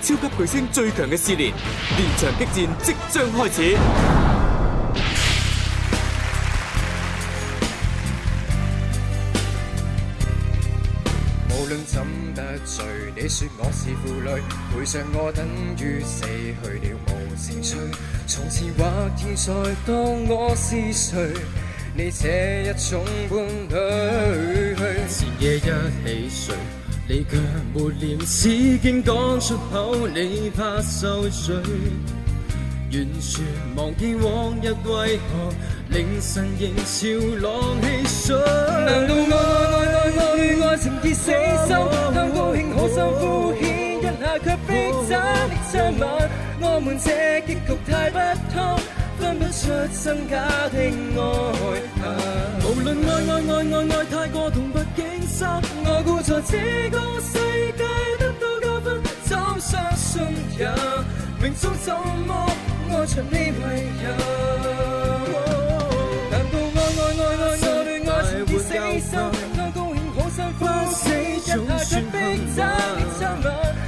超級巨星最強嘅試練，連場激戰即將開始。無論怎得罪，你說我是負累，陪着我等於死去了無情趣。從此或現在，當我是誰？你這一種伴侶，是夜一起睡。你卻沒廉恥竟講出口，你怕受罪，完全忘記往日為何，凌晨仍潮浪戲水。難道愛愛愛愛愛愛情已死心？當高興好，好心敷衍一下卻，卻逼真的親吻，我們這結局太不通。分不出真假的愛恨， 無論愛愛愛愛愛太過動魄驚心，我估錯這個世界得到教訓，怎相信也命中怎麼愛着你為人？難道愛愛愛愛愛對愛情已死心？愛高興好心歡喜，一但被逼走親吻。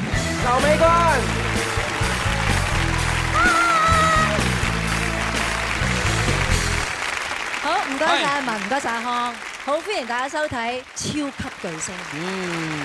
草莓乾，好唔該曬，阿文唔該曬阿康，好歡迎大家收睇《超級》。巨星。嗯。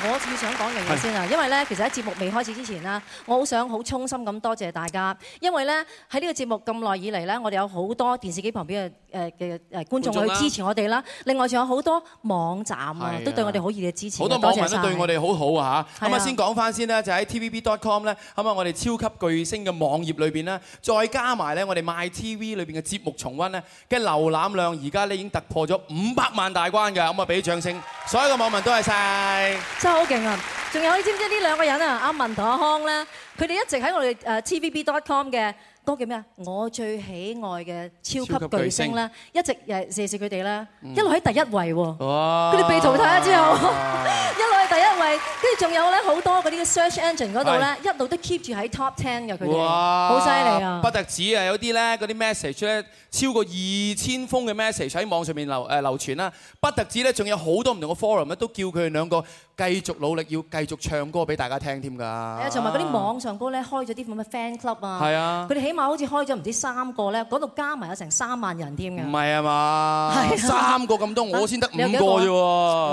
我最想講嘅嘢先啊，因為咧，其實喺節目未開始之前啦，我好想好衷心咁多謝大家，因為咧，喺呢個節目咁耐以嚟咧，我哋有好多電視機旁邊嘅誒嘅誒觀眾去支持我哋啦。另外仲有好多網站啊，都對我哋好熱烈嘅支持。好多網民都對我哋好好啊嚇。咁啊，先講翻先啦，就喺 TVB.com 咧，咁啊，我哋超級巨星嘅網頁裏邊咧，再加埋咧我哋 myTV 裏邊嘅節目重温咧嘅瀏覽量，而家咧已經突破咗五百萬大關㗎。咁啊，俾啲掌聲。所有嘅網民都係曬，真係好勁啊！仲有你知唔知呢兩個人啊？阿文同阿康咧，佢哋一直喺我哋誒 TVB.com 嘅嗰個叫咩啊？我最喜愛嘅超級巨星啦，一直誒謝謝佢哋啦，一路喺第一位喎。佢哋被淘汰咗之後，一路喺第一位，跟住仲有咧好多嗰啲 search engine 嗰度咧，一路都 keep 住喺 top ten 嘅佢哋，好犀利啊！不特止啊，有啲咧嗰啲 message 咧。超過二千封嘅 message 喺網上面流誒、呃、流傳啦、啊，不特止咧，仲有好多唔同嘅 forum 咧，都叫佢哋兩個繼續努力，要繼續唱歌俾大家聽添㗎。係啊，同埋嗰啲網上高咧，開咗啲咁嘅 fan club 啊，係是啊，佢哋起碼好似開咗唔知三個咧，嗰度加埋有成三萬人添、啊、㗎。唔係是啊嘛，三個咁多， 我先得五個啫、啊、喎，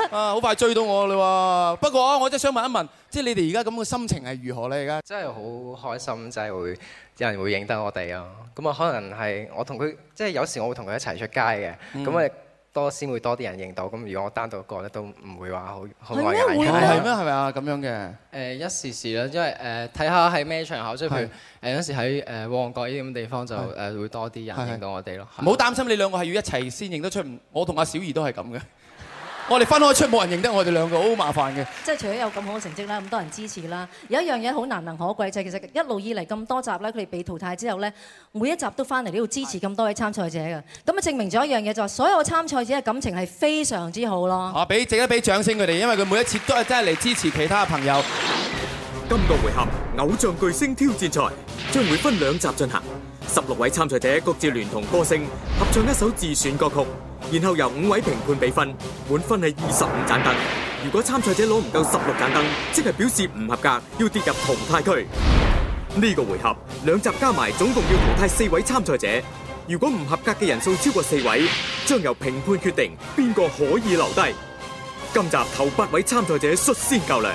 啊，好、啊、快追到我啦喎。不過、啊、我真係想問一問，即係你哋而家咁嘅心情係如何咧？而家真係好開心，真、就、係、是、會。有人會認得我哋啊。咁啊可能係我同佢，即係有時我會同佢一齊出街嘅，咁啊多先會多啲人認到。咁如果我單獨過咧，都唔會話好好為難嘅。係咩？會啊？係咩？係咪啊？咁樣嘅。誒一、嗯、時時啦，因為誒睇下係咩場口，即係是譬如誒有時喺誒旺角呢啲地方就誒會多啲人認到我哋咯。唔好對擔心，你兩個係要一齊先認得出。我同阿小儀都係咁嘅。我哋分開出，冇人認得我哋兩個，好麻煩嘅。即係除咗有咁好嘅成績啦，咁多人支持啦，有一樣嘢好難能可貴就係、是、其實一路以嚟咁多集咧，佢哋被淘汰之後咧，每一集都翻嚟呢度支持咁多位參賽者嘅。咁啊的，就證明咗一樣嘢就係所有參賽者嘅感情係非常之好咯。啊，俾值得俾掌聲佢哋，因為佢每一次都係真係嚟支持其他嘅朋友。今個回合偶像巨星挑戰賽將會分兩集進行，十六位參賽者各自聯同歌星合唱一首自選歌曲。然後由五位評判畀分，滿分係二十五盞燈。如果參賽者攞唔夠十六盞燈，即係表示唔合格，要跌入淘汰區。呢、這個回合兩集加埋，總共要淘汰四位參賽者。如果唔合格嘅人數超過四位，將由評判決定邊個可以留低。今集頭八位參賽者率先較量。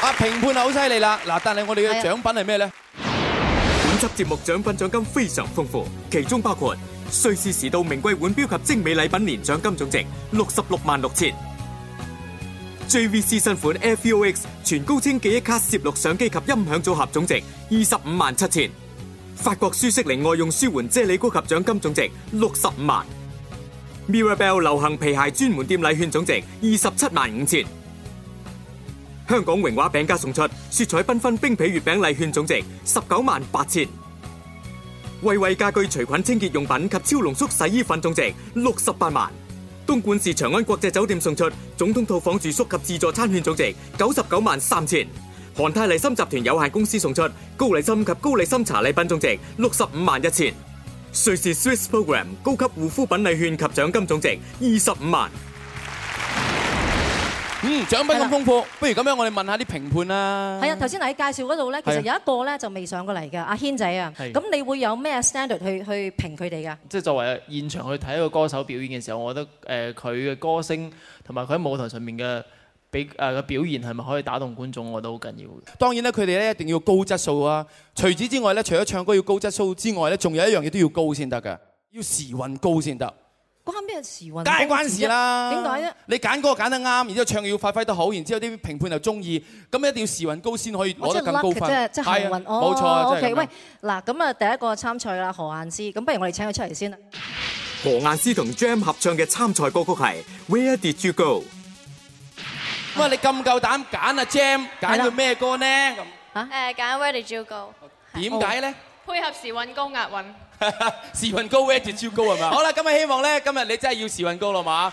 啊！評判係好犀利啦，嗱，但係我哋嘅獎品係咩咧？本輯節目獎品獎金非常豐富，其中包括瑞士時度名貴腕錶及精美禮品，年獎金總值六十六萬六千；JVC 新款 FUX 全高清記憶卡攝錄相機及音響組合總值二十五萬七千；法國舒適靈外用舒緩啫喱膏及獎金總值六十五萬；Mirabell 流行皮鞋專門店禮券總值二十七萬五千。香港榮華餅家送出雪彩繽紛冰皮月餅禮券總值十九萬八千。惠惠家居除菌清潔用品及超濃縮洗衣粉總值六十八萬。東莞市長安國際酒店送出總統套房住宿及自助餐券總值九十九萬三千。韓泰利森集團有限公司送出高麗蔘及高麗蔘茶禮品總值六十五萬一千。瑞士 Swiss Program 高級護膚品禮券及獎金總值二十五萬。25, 嗯，獎品咁豐富，對了 不如咁樣，我哋問下啲評判啦。係啊，頭先喺介紹嗰度咧，其實有一個咧就未上過嚟嘅是的 阿軒仔啊。係。咁你會有咩 standard 去去評佢哋㗎？即係作為現場去睇一個歌手表演嘅時候，我覺得佢嘅歌聲同埋佢喺舞台上面嘅比嘅表現係咪可以打動觀眾，我都好緊要嘅。當然咧，佢哋咧一定要高質素啊。除此之外咧，除咗唱歌要高質素之外咧，仲有一樣嘢都要高先得嘅，要時運高先得。關咩時運高？梗係關事啦！點解咧？你揀歌揀得啱，然之後唱要發揮得好，然之後啲評判又中意，咁一定要時運高先可以攞得咁高分。即係甩即係即係押韻哦！冇錯，OK。喂，嗱咁啊，第一個參賽啦，何雁詩。咁不如我哋請佢出嚟先啦。何雁詩同 Gem 合唱嘅參賽歌曲係 Where Did You Go。喂，你咁夠膽揀啊，Gem 揀咗咩歌呢？嚇？誒，揀 Where Did You Go。點解咧？配合時運高押韻。時運高，energy 超高係嘛？Go, 好啦，今日 希望咧，今日你真係要時運高啦嘛！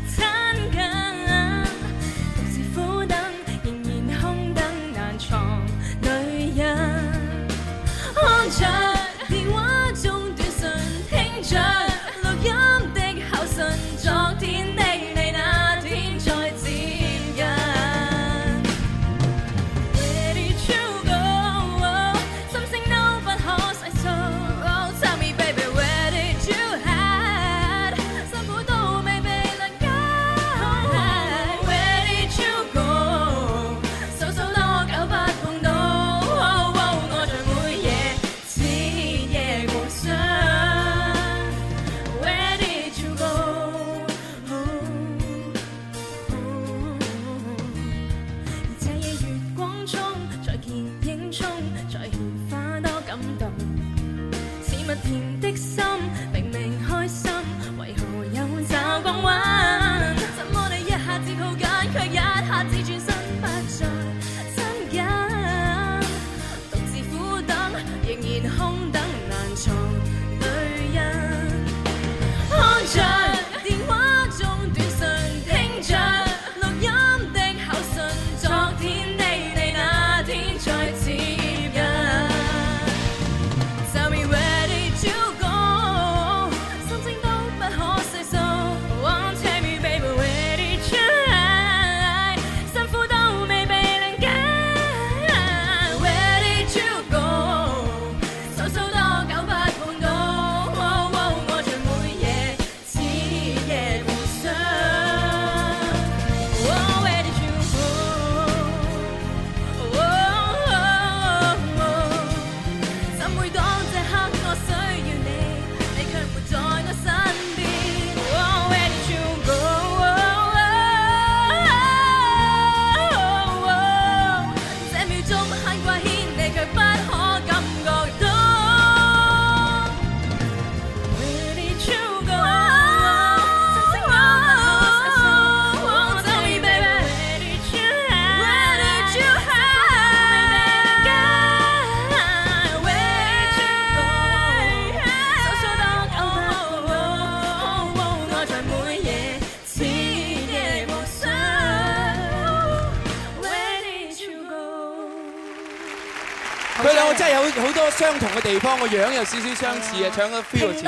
相同嘅地方，個樣有少少相似啊！唱嘅 feel 都似，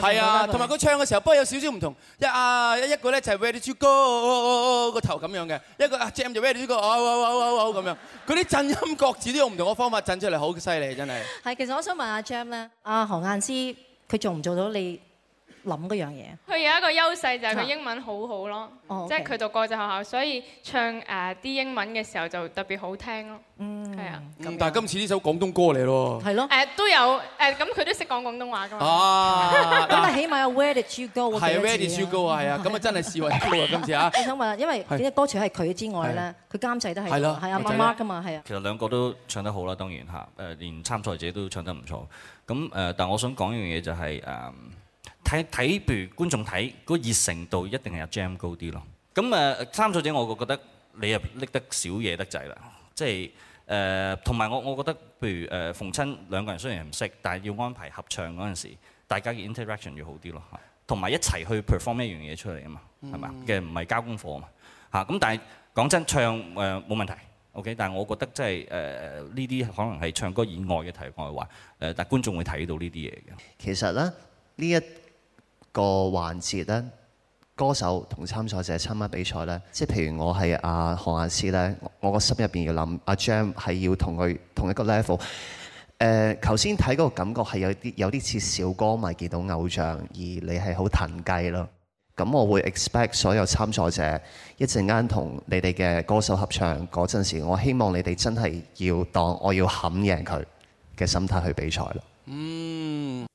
係啊，同埋個唱嘅時候，對不過有少少唔同。一啊、就係，一個咧就係、Where did you go，個頭咁樣嘅；一個阿 Jam 就 Where did you go，咁樣。嗰啲震音、各自都用唔同嘅方法震出嚟，好犀利，真係。係，其實我想問阿 Jam 咧，阿何雁詩佢做唔做到你？諗嗰樣嘢。佢有一個優勢就係佢英文好好咯，即係佢讀國際學校，所以唱誒啲英文嘅時候就特別好聽咯。嗯，係啊。咁但係今次呢首廣東歌嚟咯。係咯。誒都有誒，咁佢都識講廣東話㗎嘛。咁啊，啊起碼有 Where Did You Go？係啊，Where Did You Go 啊，係 啊，咁啊真係示威功啊今次啊。我想問，因為呢隻歌詞係佢之外咧，佢的監製都係係阿媽媽㗎嘛，係啊。其實兩個都唱得好啦，當然嚇誒，連參賽者都唱得唔錯。咁誒，但係我想講一樣嘢就係、是、誒。嗯睇睇，譬如觀眾睇嗰、那個、熱誠度一定係阿 Jam 高啲咯。咁誒參賽者，我覺得你又拎得少嘢得滯啦。即係誒，同、呃、埋我我覺得，譬如誒逢、呃、親兩個人雖然唔識，但係要安排合唱嗰陣時，大家嘅 interaction 要好啲咯。同埋、嗯、一齊去 perform 一樣嘢出嚟啊嘛，係嘛？嘅唔係交功課啊嘛。嚇，咁但係講真唱誒冇、呃、問題。OK，但係我覺得即係誒呢啲可能係唱歌以外嘅題外話。誒、呃，但係觀眾會睇到呢啲嘢嘅。其實咧，呢一個環節咧，歌手同參賽者參加比賽咧，即譬如我係阿何雁詩咧，我個心入面要諗，阿 G.E.M. 係要同佢同一個 level。誒、呃，頭先睇嗰個感覺係有啲有啲似小歌迷見到偶像，而你係好騰雞咯。咁我會 expect 所有參賽者一陣間同你哋嘅歌手合唱嗰陣時，我希望你哋真係要當我要撼贏佢嘅心態去比賽咯。嗯。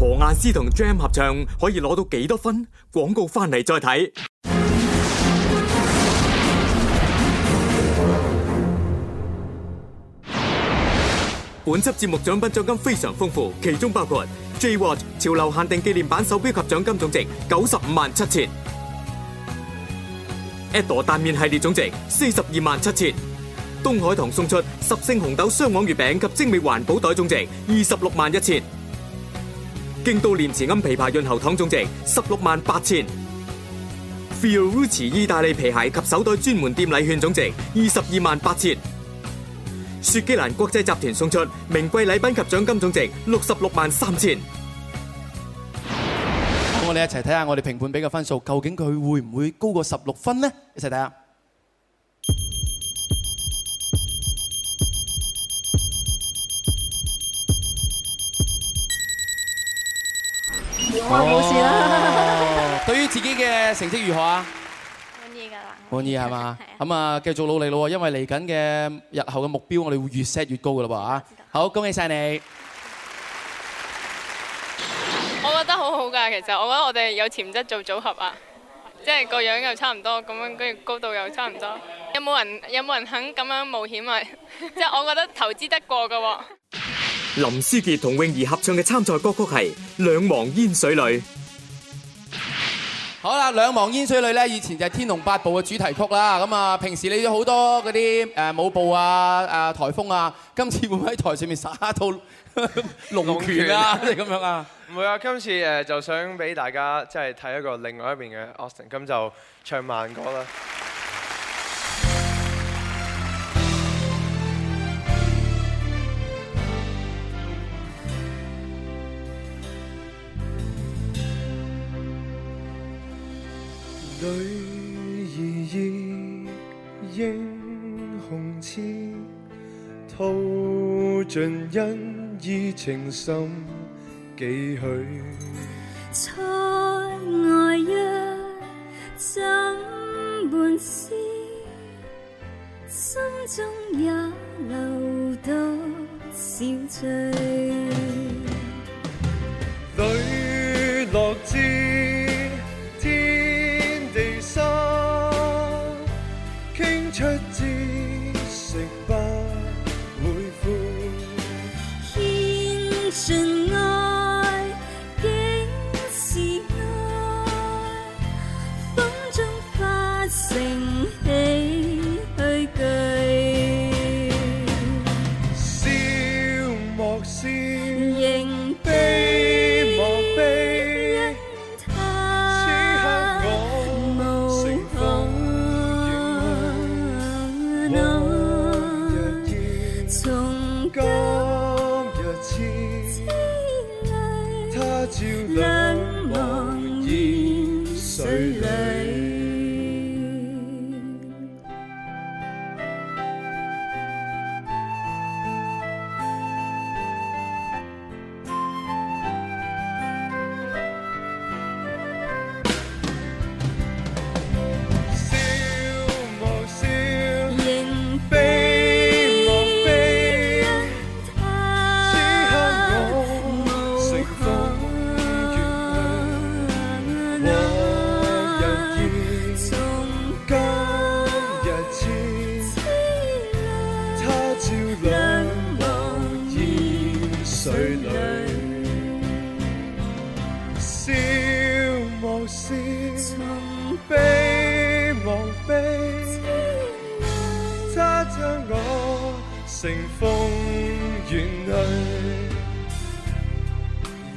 何雁詩同 Jam 合唱可以攞到幾多分？廣告翻嚟，再睇。本輯節目獎品獎金非常豐富，其中包括 J Watch 潮流限定紀念版手錶及獎金總值九十五萬七千；Edo 蛋麵系列總值四十二萬七千；東海堂送出十勝紅豆雙黃月餅及精美環保袋總值二十六萬一千。京都念慈菴琵琶潤喉糖總值十六萬八千，Fiorucci 意大利皮鞋及手袋專門店禮券總值二十二萬八千，雪肌蘭國際集團送出名貴禮品及獎金總值六十六萬三千。咁我哋一齊睇下我哋評判俾嘅分數，究竟佢會唔會高過十六分呢？一齊睇下。我冇事啦。哦， 對於自己嘅成績如何啊？滿意噶啦。滿意係嘛？係咁啊，是的 繼續努力咯，因為嚟緊嘅日後嘅目標，我哋會越 set 越高噶啦噃啊！知道 好，恭喜晒你。我覺得好好㗎，其實我覺得我哋有潛質做組合啊，即係個樣又差唔多，咁樣跟住高度又差唔多。有冇人有冇人肯咁樣冒險啊？即 係我覺得投資得過㗎喎。林師傑同泳兒合唱嘅參賽歌曲係《兩忘煙水裡》。好啦，《兩忘煙水裡》咧以前就係《天龍八部》嘅主題曲啦。咁啊，平時你都好多嗰啲誒舞步啊、誒、呃、台風啊，今次會唔會喺台上面耍一套龍拳，拳啊？即係咁 樣啊？唔會啊！今次誒就想俾大家即係睇一個另外一邊嘅 Austin，咁就唱慢歌啦。恩義情深幾許？塞外約枕畔詩，心中也留多少醉？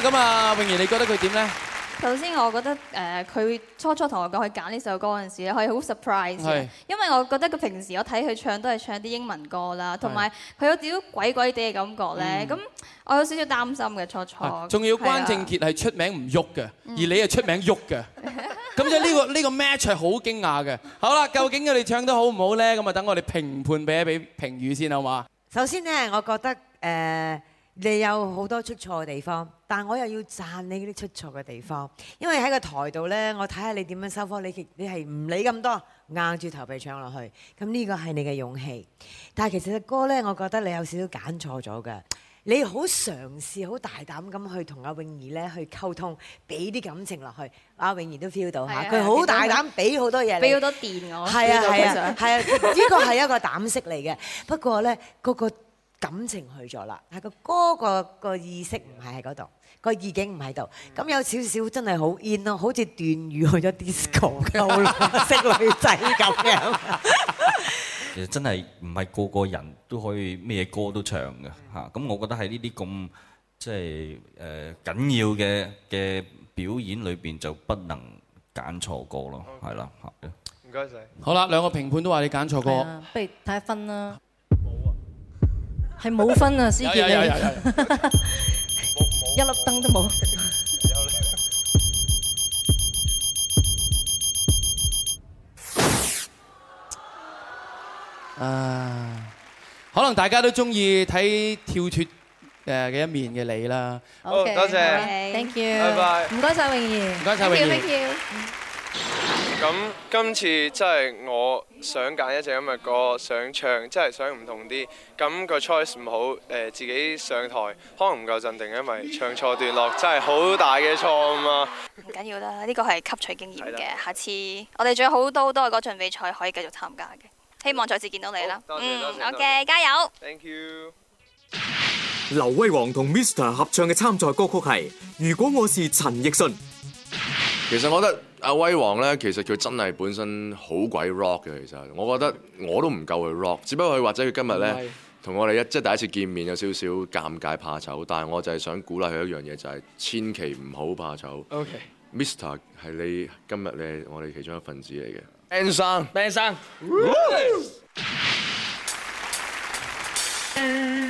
咁啊，泳兒，你覺得佢點咧？首先，我覺得誒，佢初初同我講去揀呢首歌嗰陣時咧，佢係好 surprise，因為我覺得佢平時我睇佢唱都係唱啲英文歌啦，同埋佢有啲鬼鬼哋嘅感覺咧。咁我有少少擔心嘅初初。仲要關正傑係出名唔喐嘅，而你係出名喐嘅，咁即係呢個呢個 match 係好驚訝嘅。好啦，究竟佢哋唱得好唔好咧？咁啊，等我哋評判俾一俾評語先，好嗎？首先咧，我覺得誒。你有好多出錯嘅地方，但我又要讚你嗰啲出錯嘅地方，因為喺個台度呢，我睇下你點樣收科，你你係唔理咁多，硬住頭皮唱落去，咁呢個係你嘅勇氣。但係其實隻歌呢，我覺得你有少少揀錯咗嘅，你好嘗試，好大膽咁去同阿泳兒呢去溝通，俾啲感情落去，阿泳兒都 feel 到嚇，佢好的大膽俾好多嘢，俾好多電我，係啊係啊，係啊，呢個係一個膽色嚟嘅。不過呢，嗰、嗰個。感情去咗啦，但係個歌個個意識唔係喺嗰度，個意境唔喺度，咁有少少真係好 in 咯，好似段譽去咗 disco 溝啦，識女仔咁樣。其實真係唔係個個人都可以咩歌都唱嘅吓，咁我覺得喺呢啲咁即係誒緊要嘅嘅表演裏邊就不能揀錯歌咯，係啦。唔該晒。好啦，兩個評判都話你揀錯歌，不如睇下分啦。係冇分啊，司徒麗，一粒燈都冇。啊，可能大家都中意睇跳脱誒嘅一面嘅你啦。好，多謝，thank you，拜拜，唔該曬泳兒，唔該曬泳兒。咁今次真係我想揀一隻咁嘅歌，想唱真係想唔同啲。咁個 choice 唔好，誒自己上台可能唔夠鎮定，因為唱錯段落真係好大嘅錯啊嘛。唔緊要啦，呢個係吸取經驗嘅。下次我哋仲有好多好多歌唱比賽可以繼續參加嘅，希望再次見到你啦。多謝多謝。嗯，好嘅，加油。Thank you。劉威煌同 Mr. 合唱嘅參賽歌曲係《如果我是陳奕迅》。其實我覺得阿威王呢，其實佢真係本身好鬼 rock 嘅。其實我覺得我都唔夠佢 rock，只不過佢或者佢今日呢，同我哋一即係第一次見面有少少尷尬怕醜，但係我就係想鼓勵佢一樣嘢，就係、是、千祈唔好怕醜。o k m r 係你今日你我哋其中一份子嚟嘅。a n 生 b n 生。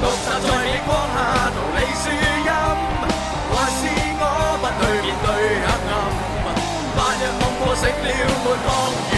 獨站在逆光下，逃離樹蔭，還是我不去面對黑暗，暗？白日夢破醒了，沒放。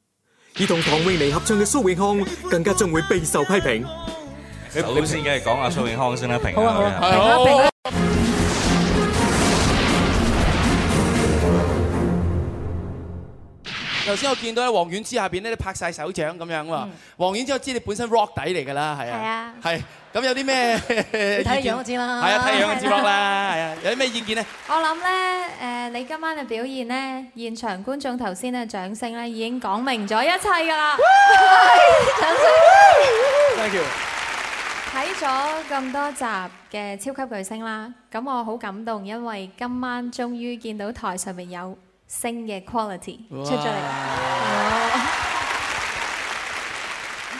而同唐泳妮合唱嘅蘇永康，更加將會備受批評。首先梗係講下蘇永康先啦，評下。佢啊。頭先我見到喺黃遠之下邊咧，你拍晒手掌咁樣喎。嗯、黃遠之，我知你本身 rock 底嚟噶啦，係啊,係啊,啊，係咁有啲咩？你睇樣子啦，係啊，睇樣子啦，係啊，有啲咩意見咧？我諗咧，誒，你今晚嘅表現咧，現場觀眾頭先咧掌聲咧，已經講明咗一切噶啦。掌聲，thank you。睇咗咁多集嘅超級巨星啦，咁我好感動，因為今晚終於見到台上面有。升嘅 quality 出咗嚟。哇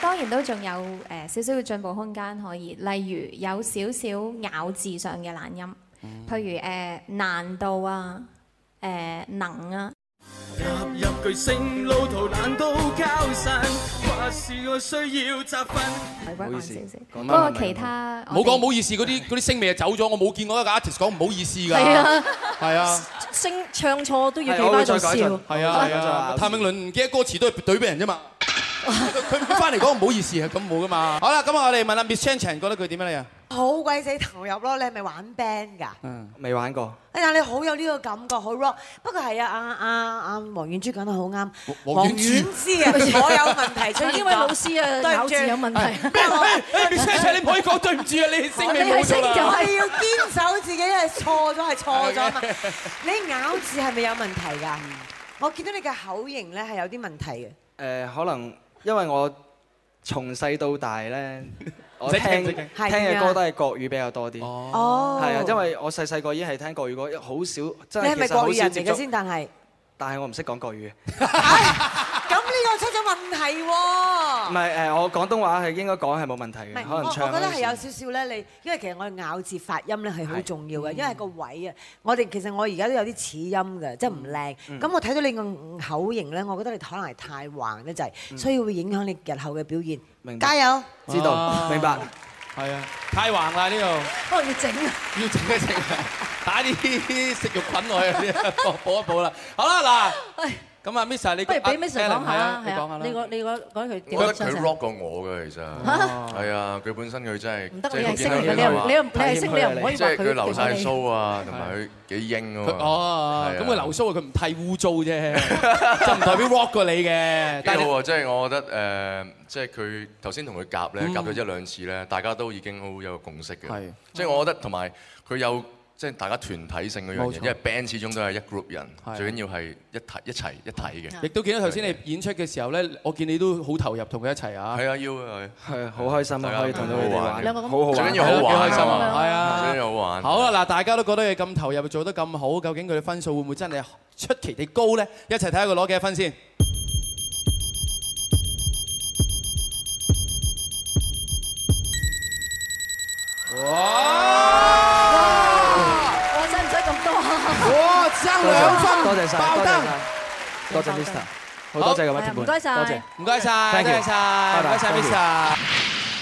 當然都仲有誒少少嘅進步空間可以，例如有少少咬字上嘅懶音，譬、嗯、如誒、呃、難度啊，誒、呃、能啊。入巨星路途難都交散。話是我需要集訓。唔好意思，講得。不過其他，冇講唔好意思。嗰啲啲聲未走咗，我冇見過一個 artist 講唔好意思㗎。係啊，係啊。聲唱錯都要記翻再笑。係啊，係啊。譚詠麟唔記得歌詞都係對俾人啫嘛。佢翻嚟講唔好意思係咁冇㗎嘛。好啦，咁我哋問下 Miss Chan Chan 覺得佢點啊你啊？好鬼死投入咯！你係咪玩 band 㗎？嗯，未玩過。哎呀，你好有呢個感覺，好 rock。不過係啊，啊啊啊黃婉珠講得好啱。黃婉珠啊，我有問題。崔英偉老師啊，咬字有問題。咩？你唔可以講對唔住啊！你係星嘅。你係星就係要堅守自己，係錯咗係錯咗啊嘛！你咬字係咪有問題㗎？我見到你嘅口型咧係有啲問題嘅。誒，可能因為我。從細到大咧， 我聽聽嘅歌都係國語比較多啲，係啊，因為我細細個已經係聽國語歌，好少真係其實好少接觸。你係咪國語人嚟嘅先？但係，但係我唔識講國語。 咁呢個出咗問題喎？唔係誒，我廣東話係應該講係冇問題嘅，是可能唱我覺得係有少少咧，你因為其實我咬字發音咧係好重要嘅，的嗯、因為個位啊，我哋其實我而家都有啲齒音嘅，即係唔靚。咁、嗯、我睇到你個口型咧，我覺得你可能係太橫一滯，所以會影響你日後嘅表現。明白，加油，知道，啊、明白，係啊，太橫啦呢度。哦，要整啊，要整 一整啊？打啲食肉菌落去，補一補啦。好啦，嗱。咁阿 Misa，你不如俾 Misa 講下啦，係啊，你個你個講佢點樣？我覺得佢 rock 過我嘅。其實係啊，佢本身佢真係唔得，你係識佢呢你又你係識你又唔可以話佢。即係佢留曬須啊，同埋佢幾英啊。哦，咁佢留須啊，佢唔太污糟啫，就唔代表 rock 過你嘅。好即係我覺得誒，即係佢頭先同佢夾咧，夾咗一兩次咧，大家都已經好有共識嘅。即係我覺得同埋佢有。即係大家團體性嗰樣嘢，因為 band 始終都係一 group 人，最緊要係一睇一齊一睇嘅。亦都見到頭先你演出嘅時候咧，我見你都好投入，同佢一齊啊！係啊，要佢係好開心啊，可以同到佢哋玩，兩個咁，最緊要好玩啊，係啊，最緊要好玩。好啦，嗱，大家都覺得你咁投入，做得咁好，究竟佢哋嘅分數會唔會真係出奇地高咧？一齊睇下佢攞幾多分先。哇！哇！爭兩、哦、分，謝謝爆燈，謝謝多謝 m、嗯、Mister 好多謝各位天伴，唔該曬，多謝，唔該晒！多謝曬，唔該曬 Mister。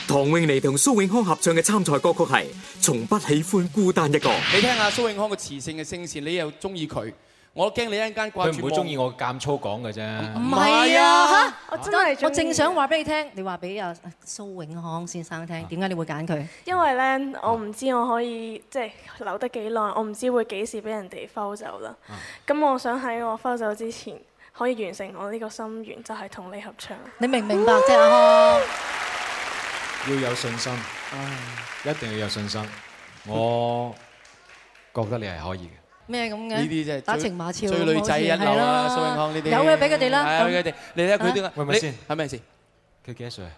唐泳妮同蘇永康合唱嘅參賽歌曲係《從不喜歡孤單一個》。你聽下蘇永康個磁性嘅聲線，你又中意佢。我都驚你一間，怪唔會中意我咁粗講嘅啫。唔係啊！嚇，我真係，我正想話俾你聽，你話俾阿蘇永康先生聽，點解你會揀佢？因為咧，我唔知我可以即係留得幾耐，我唔知會幾時俾人哋拋走啦。咁我想喺我拋走之前，可以完成我呢個心願，就係同你合唱。你明唔明白即係？阿康，要有信心，一定要有信心。我覺得你係可以嘅。咩咁嘅？呢啲就係打情罵俏，追女仔一流啦。蘇永康呢啲有嘅，俾佢哋啦。俾佢哋你睇下佢點啊。係咪先？係咪先？佢幾多歲啊？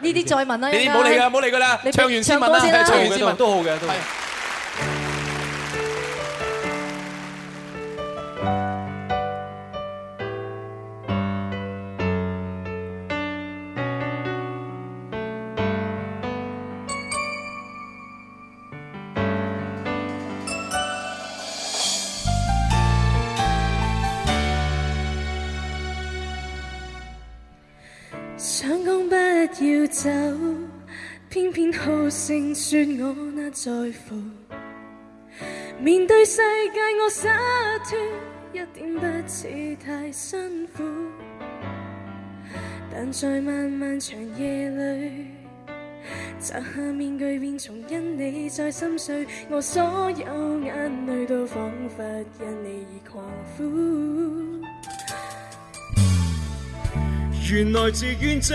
呢啲再問啦。呢啲唔好理㗎，唔好理㗎啦。你唱完先問啦。唱完先問都好嘅。說我難在乎，面對世界我灑脫，一點不似太辛苦。但在漫漫長夜裏，摘下面具，便從因你再心碎，我所有眼淚都仿佛因你而狂呼。原來自願走。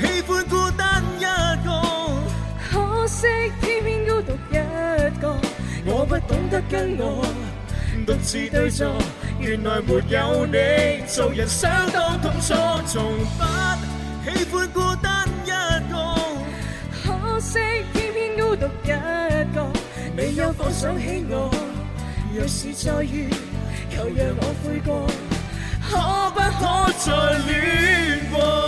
喜歡孤單一個，可惜偏偏孤獨一個。我不懂得跟我獨自對坐，原來沒有你，做人相當痛楚。從不喜歡孤單一個，可惜偏偏孤獨一個。你有否想起我，若是再遇，求若 讓我悔過，可不可再戀過？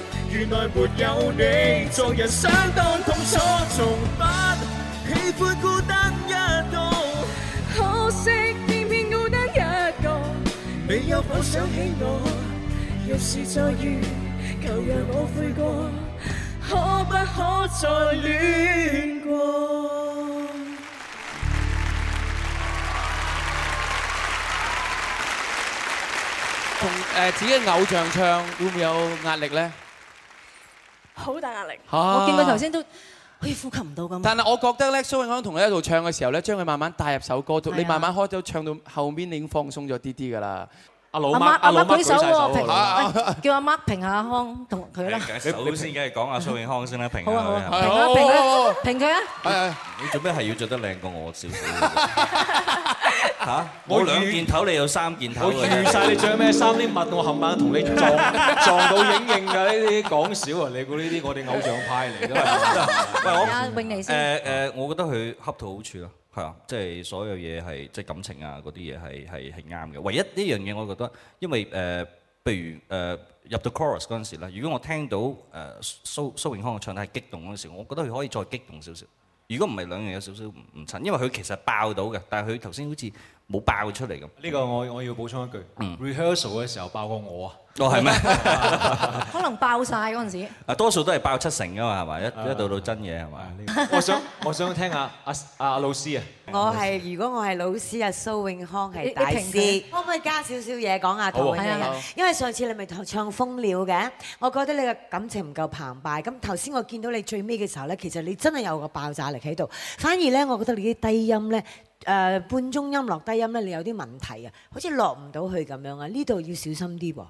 原來沒有你，做人相當痛楚，從不喜歡孤單一個。可惜偏偏孤單一個，你有否想起我？若是再遇，求讓我悔過，可不可再戀過？同誒自己偶像唱會唔會有壓力呢？好大壓力，我見佢頭先都好似呼吸唔到咁。但係我覺得咧，蘇永康同佢喺度唱嘅時候咧，將佢慢慢帶入首歌度，你慢慢開咗唱到後面你已經放鬆咗啲啲㗎啦。阿老媽，阿老媽舉手喎，評，叫阿媽評下康同佢啦。首先，梗係講下蘇永康先啦，評下佢。評佢，評佢，評佢啊！你做咩係要著得靚過我少少？吓、啊！我兩件頭，你有三件頭我你。我預曬你着咩衫啲襪，我冚唪唥同你撞撞到影認㗎。呢啲講笑啊！你估呢啲我哋偶像派嚟㗎嘛？我永妮先、uh, 我覺得佢恰到好處咯，係啊，即係所有嘢係即係感情啊嗰啲嘢係係係啱嘅。唯一呢樣嘢，我覺得因為誒，譬如誒入到 chorus 嗰陣時咧，如果我聽到誒蘇蘇永康嘅唱態係激動嗰陣時，我覺得佢可以再激動少少。如果唔係兩樣有少少唔襯，因為佢其實是爆到嘅，但係佢頭先好似冇爆出嚟咁。呢個我要補充一句，rehearsal 嘅、嗯、時候爆過我。都係咩？可能爆晒嗰陣時啊。啊，多數都係爆七成噶嘛，係咪一一到到真嘢係咪？我想我想聽下阿阿老師啊。我係如果我係老師啊，蘇永康係大師。可唔可以加少少嘢講下？因為上次你咪唱《風鳥》嘅，我覺得你嘅感情唔夠澎湃。咁頭先我見到你最尾嘅時候咧，其實你真係有個爆炸力喺度。反而咧，我覺得你啲低音咧，誒半中音落低音咧，你有啲問題啊，好似落唔到去咁樣啊。呢度要小心啲喎。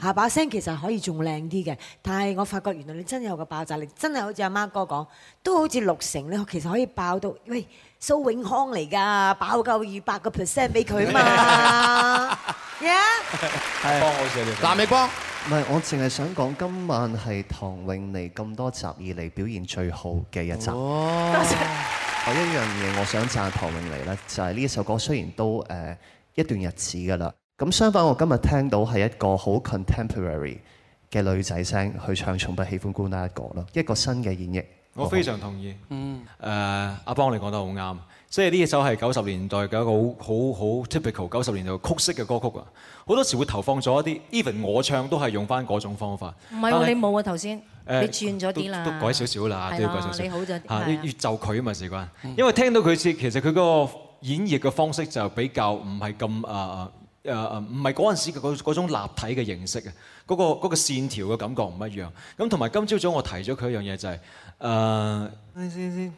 下把聲其實可以仲靚啲嘅，但係我發覺原來你真係有個爆炸力，真係好似阿媽哥講，都好似六成，你其實可以爆到，喂，蘇永康嚟㗎，爆夠二百個 percent 俾佢嘛？咩啊？藍美光，唔係，我淨係想講今晚係唐泳妮咁多集以嚟表現最好嘅一集。哦哇，多謝。有一樣嘢我想讚唐泳妮咧，就係呢一首歌雖然都誒、uh, 一段日子㗎啦。咁相反，我今日聽到係一個好 contemporary 嘅女仔聲去唱《從不喜歡孤單一個》咯，一個，一個新嘅演繹。我非常同意嗯、啊。嗯。誒，阿邦你講得好啱，所以呢一首係九十年代嘅一個好好 typical 九十年代曲式嘅歌曲啊！好多時會投放咗一啲，even 我唱都係用翻嗰種方法。唔係喎，是你冇啊頭先。誒，呃、你轉咗啲啦。都改少少啦。係啊吧，你好咗啲越就佢嘛事關，對吧 因為聽到佢似其實佢嗰個演繹嘅方式就比較唔係咁誒誒誒，唔係嗰陣時嘅嗰種立體嘅形式嘅，嗰、嗰個嗰、嗰個線條嘅感覺唔一樣。咁同埋今朝早我提咗佢一樣嘢就係、是、誒、呃，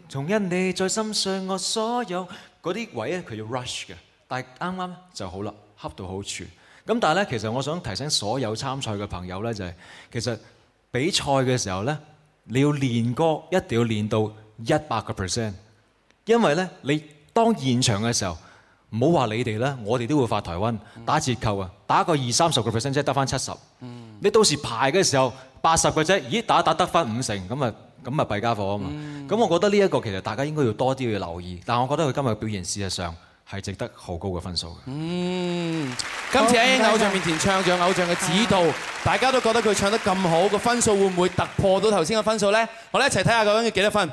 從一你在心上我所有嗰啲位咧，佢要 rush 嘅，但係啱啱就好啦，恰到好處。咁但係咧，其實我想提醒所有參賽嘅朋友咧、就是，就係其實比賽嘅時候咧，你要練歌一定要練到一百個 percent，因為咧你當現場嘅時候。唔好話你哋啦，我哋都會發台瘟，打折扣啊，打個二三十個 percent 即得翻七十。你到時排嘅時候八十個啫，咦打打得翻五成，咁啊咁啊弊傢伙啊嘛。咁、嗯、我覺得呢一個其實大家應該要多啲去留意，但係我覺得佢今日嘅表現事實上係值得好高嘅分數嘅。嗯，今次喺偶像面前唱着偶像嘅指導，大家都覺得佢唱得咁好，個分數會唔會突破到頭先嘅分數咧？我哋一齊睇下究竟要幾多分。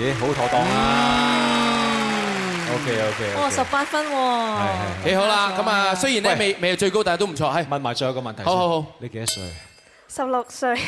咦，好妥當啊！OK OK，哇，十八分喎，幾好啦！咁、嗯、啊，雖然咧未未，未最高，但係都唔錯。係問埋最後一個問題！好好好，你幾多歲？十六歲！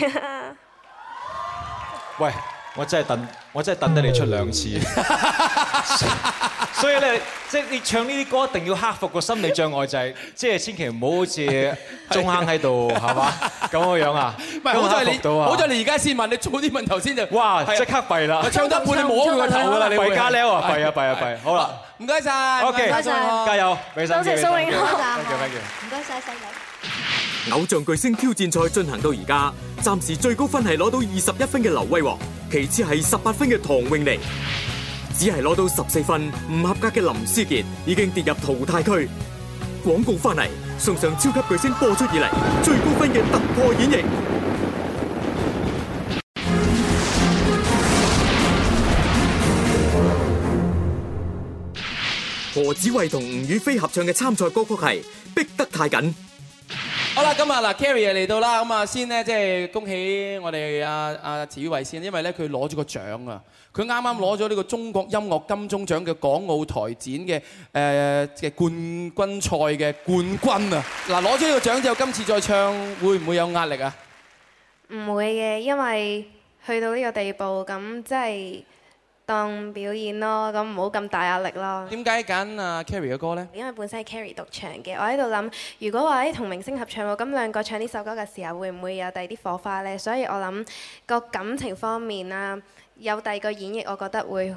喂，我真係等，我真係等得你出兩次。 所以咧，即係你唱呢啲歌，一定要克服個心理障礙，就係即係千祈唔好好似中坑喺度，係嘛咁嘅樣啊！好在你，好在你而家先問你，早啲問頭先就哇，即刻弊啦！唱得半冇個頭啦，弊加僆喎，弊啊弊啊弊！好啦，唔該曬，唔該曬，加油！多謝蘇永康，唔該曬，唔該曬，偶像巨星挑戰賽進行到而家，暫時最高分係攞到二十一分嘅劉威煌，其次係十八分嘅唐泳妮。只係攞到十四分，唔合格嘅林師傑已經跌入淘汰區。廣告翻嚟，送上超級巨星播出以嚟最高分嘅突破演繹。何紫慧同吳雨霏合唱嘅參賽歌曲係《逼得太緊》。好啦，咁啊嗱，Carrie 又嚟到啦，咁啊先咧，即係恭喜我哋啊啊紫慧先，因為咧佢攞咗個獎啊，佢啱啱攞咗呢個中國音樂金鐘獎嘅港澳台展嘅誒嘅冠軍賽嘅冠軍啊！嗱，攞咗呢個獎之後，今次再唱會唔會有壓力啊？唔會嘅，因為去到呢個地步，咁即係。當表演咯，咁唔好咁大壓力咯。點解揀阿 Carrie 嘅歌呢？因為本身係 Carrie 獨唱嘅，我喺度諗，如果話喺同明星合唱嘅，咁兩個唱呢首歌嘅時候，會唔會有第二啲火花呢？所以我諗個感情方面啦，有第二個演繹，我覺得會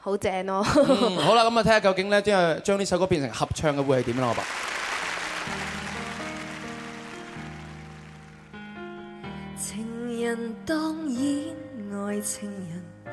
好正咯。好啦，咁啊睇下究竟咧，將將呢首歌變成合唱嘅會係點啦，好噃。情人當然愛情人。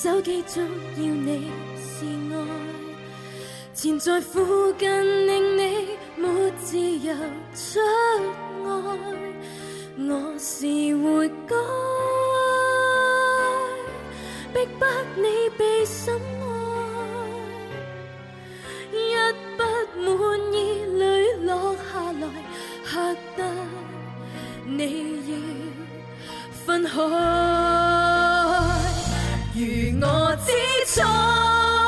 手機中要你示愛，潛在附近令你沒自由出外。我是活該，逼迫你被深愛，一不滿意淚落下來，嚇得你要分開。如我之錯。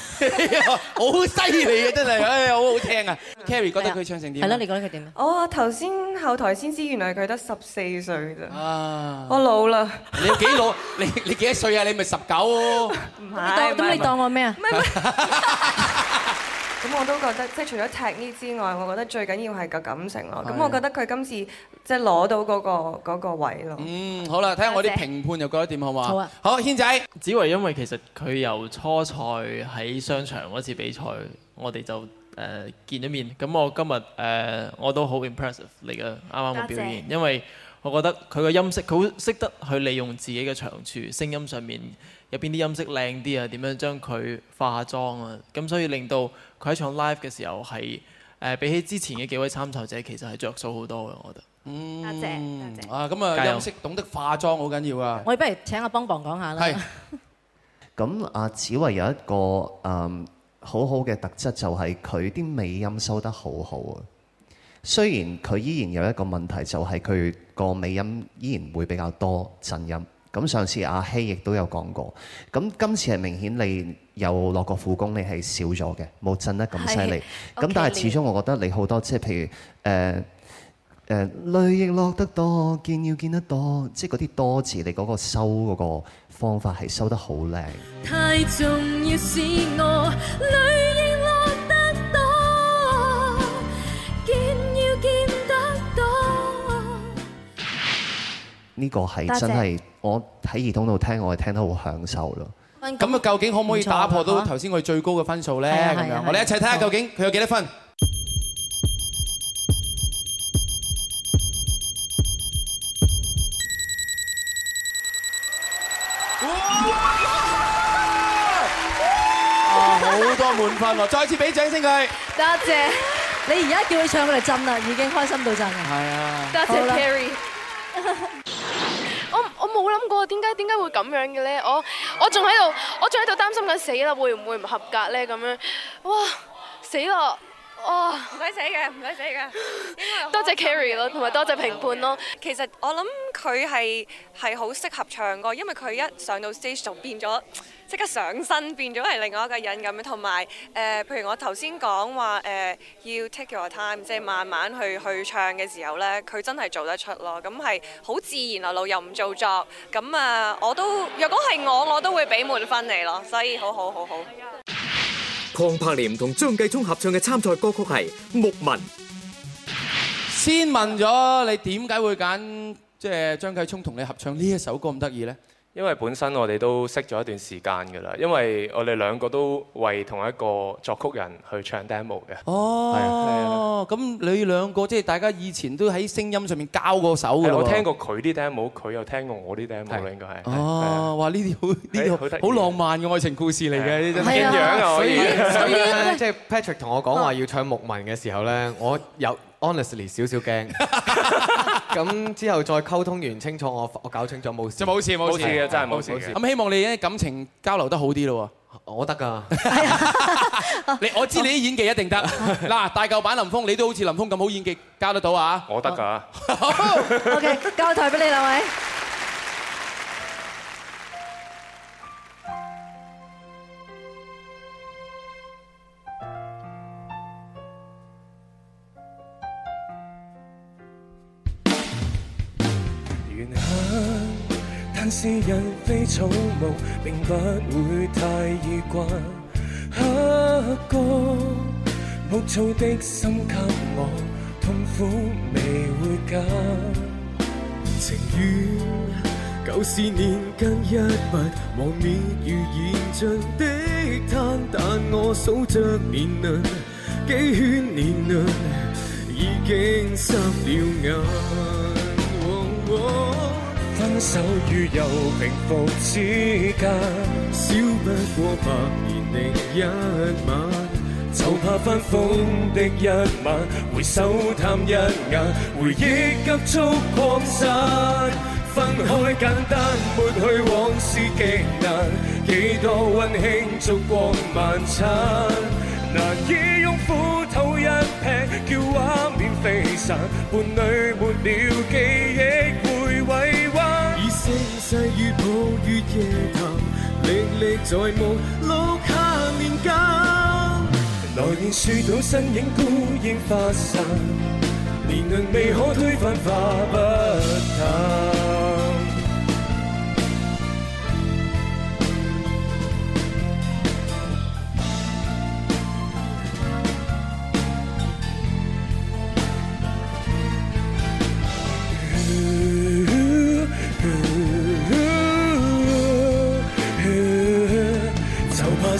好犀利啊！真係，哎呀，好好聽啊！Kerry 覺得佢唱成點？係咯，你覺得佢點啊？我頭先後台先知，原來佢得十四歲咋。啊！我老啦。 你幾老？你你幾多歲啊？你咪十九。唔係。咁你當我咩啊？咩咩？ 咁我都覺得，即係除咗踢呢之外，我覺得最緊要係個感情咯。咁的我覺得佢今次即係攞到嗰、嗰個嗰個位咯。嗯，好啦，睇下我啲評判又謝覺得點好嘛？好，好啊，好軒仔，紫係因為其實佢由初賽喺商場嗰次比賽，我哋就誒、呃、見咗面。咁我今日誒、呃、我都好 impressive 嚟嘅啱啱嘅表現，謝謝因為我覺得佢個音色，佢好識得去利用自己嘅長處，聲音上面有邊啲音色靚啲啊，點樣將佢化下妝啊，咁所以令到，佢喺唱 live 嘅時候係誒，比起之前嘅幾位參賽者，其實係着數好多嘅。我覺得，嗯，多謝多謝啊，咁啊，音色懂得化妝好緊要啊。我哋不如請阿邦邦講下啦。係咁，阿紫慧有一個誒好好嘅特質，就係佢啲尾音收得好好啊。雖然佢依然有一個問題，就係佢個尾音依然會比較多震音。咁上次阿希亦都有講過，咁今次係明顯你有落過苦功，你係少咗嘅，冇震得咁犀利。咁但係始終我覺得你好多，即係譬如誒誒、呃呃呃、淚亦落得多，見要見得多，即係嗰啲多字，你嗰個收嗰個方法係收得好靚。呢個係真係，我喺耳筒度聽，我係聽得好享受咯。咁啊，究竟可唔可以打破到頭先我最高嘅分數咧？咁樣，我哋一齊睇下究竟佢有幾多分？哇！好多滿分喎！再次俾掌聲佢。多謝你而家叫佢唱，佢嚟震啦，已經開心到震啦。係啊，多謝 Carrie。我我冇諗過，點解點解會咁樣嘅咧？我我仲喺度，我仲喺度擔心緊，死啦，會唔會唔合格咧？咁樣，哇，死啦！哦，唔使死嘅，唔使死嘅。多謝 Carrie 咯，同埋多謝評判咯。其實我諗佢係係好適合唱歌，因為佢一上到 stage 就變咗即刻上身，變咗係另外一個人咁樣。同埋誒，譬如我頭先講話誒要 take your time，即係慢慢去去唱嘅時候咧，佢真係做得出咯。咁係好自然啊，路又唔做作。咁啊，我都若果係我，我都會俾滿分你咯。所以好好好好。鄺柏廉同張繼聰合唱嘅參賽歌曲係木紋》，先問咗你點解會揀，即係張繼聰同你合唱呢一首歌咁得意呢？因為本身我哋都識咗一段時間㗎啦，因為我哋兩個都為同一個作曲人的作去唱 demo 嘅。哦，係啊，係啊。咁你兩個即係大家以前都喺聲音上面交過手㗎，我聽過佢啲 demo，佢又聽過我啲 demo 啦，音 rina 對 應該係。哦，哇！呢條呢條好浪漫嘅愛情故事嚟嘅，呢真係樣又可以。所以咧，即係 Patrick 同我講話要唱木紋嘅時候咧，我有。Honestly，少少驚。咁之後再溝通完清楚我，我我搞清楚冇事，事。就冇事冇事嘅真係冇事。咁希望你感情交流得好啲咯，我得㗎。你，我知你啲演技一定得。嗱，大舊版林峯，你都好似林峯咁好演技，交得到啊？我得㗎。O K，交台俾你兩位。但是人非草木，並不會太易慣。黑、啊、哥，木做的心給我，痛苦未會減。情願舊時年近一步，磨滅如燃盡的炭。但我數着年輪，幾圈年輪已經濕了眼。哦哦分手於又平伏之間，少不過默然的一晚，就怕翻風的一晚，回首探一眼，回憶急速擴散。分開簡單，抹去往事極難，幾多溫馨燭光晚餐，難以用斧頭一劈，叫畫面飛散，伴侶沒了記憶。細雨鋪於夜頭，歷歷在目，烙下年久。來年樹倒身影孤，煙花散，年輪未可推翻，化不淡。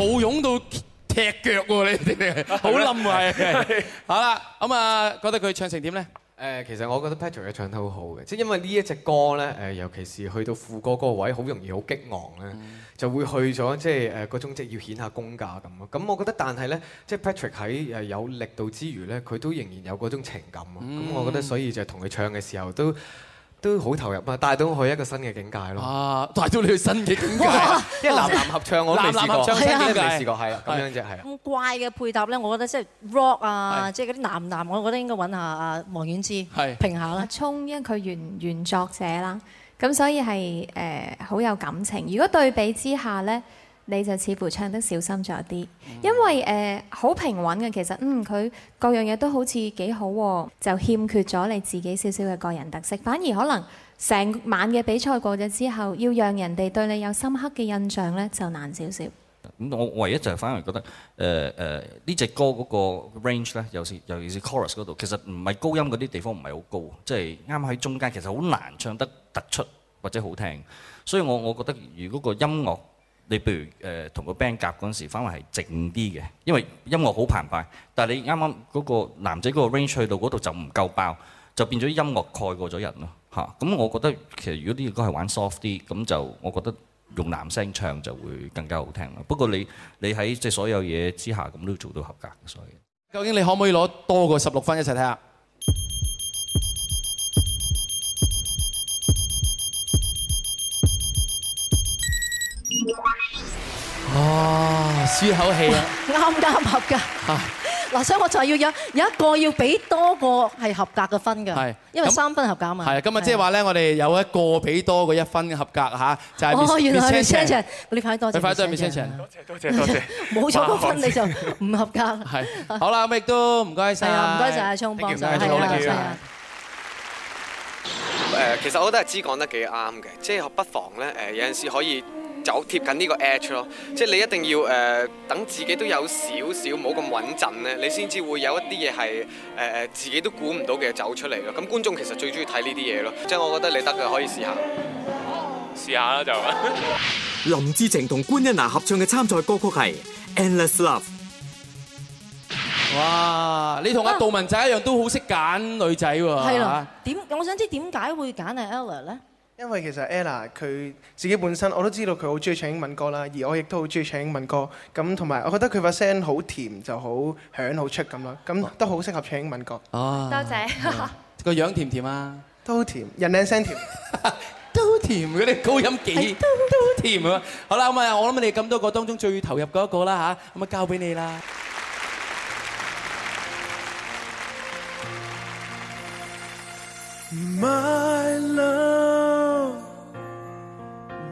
冇擁到踢腳喎，你啲好冧啊！係，好啦，咁啊，覺得佢唱成點咧？誒，其實我覺得 Patrick 唱得好好嘅，即係因為呢一隻歌咧，誒，尤其是去到副歌嗰個位，好容易好激昂咧，就會去咗即係誒嗰種即係要顯下功架咁咯。咁我覺得，但係咧，即係 Patrick 喺誒有力度之餘咧，佢都仍然有嗰種情感。咁我覺得，所以就同佢唱嘅時候都。都好投入嘛，帶到去一個新嘅境界咯。啊，帶到你去新嘅境界，因為男男合唱我都未試過，係啊，咁樣就係啊。咁怪嘅配搭咧，我覺得即係 rock 啊，即係嗰啲男男，我覺得應該揾下啊王菀之評下啦。阿聰因為佢原原作者啦，咁所以係誒好有感情。如果對比之下咧。你就似乎唱得小心咗啲，因為誒好平穩嘅其實，嗯，佢各樣嘢都好似幾好，就欠缺咗你自己少少嘅個人特色。反而可能成晚嘅比賽過咗之後，要讓人哋對你有深刻嘅印象咧，就難少少。咁我唯一就係反而覺得誒誒呢隻歌嗰個 range，咧，又是尤其是 chorus 嗰度，其實唔係高音嗰啲地方唔係好高，即係啱喺中間，其實好難唱得突出或者好聽。所以我我覺得如果個音樂，你譬如誒同個 band 夾嗰陣時候，反而係靜啲嘅，因為音樂好澎湃。但係你啱啱嗰個男仔嗰個 range 去到嗰度就唔夠爆，就變咗音樂蓋過咗人咯嚇。咁、嗯、我覺得其實如果啲歌係玩 soft 啲，咁就我覺得用男聲唱就會更加好聽咯。不過你你喺即係所有嘢之下咁都做到合格，所以究竟你可唔可以攞多過十六分一齊睇下？哦，舒口氣啦，啱啱合格。嗱，所以我就係要有有一個要俾多個係合格嘅分㗎，因為三分合格啊嘛。係，今日即係話咧，我哋有一個俾多個一分合格吓，就係。哦，原來係咪 change？你睇多謝，你睇多謝 change。多謝多謝多謝。冇錯，個分你就唔合格。係，好啦，咁亦都唔該曬。係啊，唔該曬阿聰博士，係啊。誒，其實我都係知講得幾啱嘅，即係不妨咧誒，有陣時可以。有貼緊呢個 edge 咯，即係你一定要誒、呃、等自己都有少少冇咁穩陣咧，你先至會有一啲嘢係誒誒自己都估唔到嘅走出嚟咯。咁觀眾其實最中意睇呢啲嘢咯，即係我覺得你得嘅可以試下，試下啦就。林志程同官恩娜合唱嘅參賽歌曲係《Endless Love》。哇！你同阿杜文仔一樣、啊、都好識揀女仔喎。係啦的，點、啊、我想知點解會揀阿 Ella 咧？因為其實 Ella 佢自己本身我都知道佢好中意唱英文歌啦，而我亦都好中意唱英文歌。咁同埋我覺得佢把聲好甜，就好響好出咁咯。咁都好適合唱英文歌。哦，多謝。個樣甜唔甜啊？都甜，人靚聲甜，都甜嗰啲高音幾，都甜啊。好啦，咁啊，我諗你咁多個當中最投入嗰一個啦吓，咁啊交俾你啦。My love.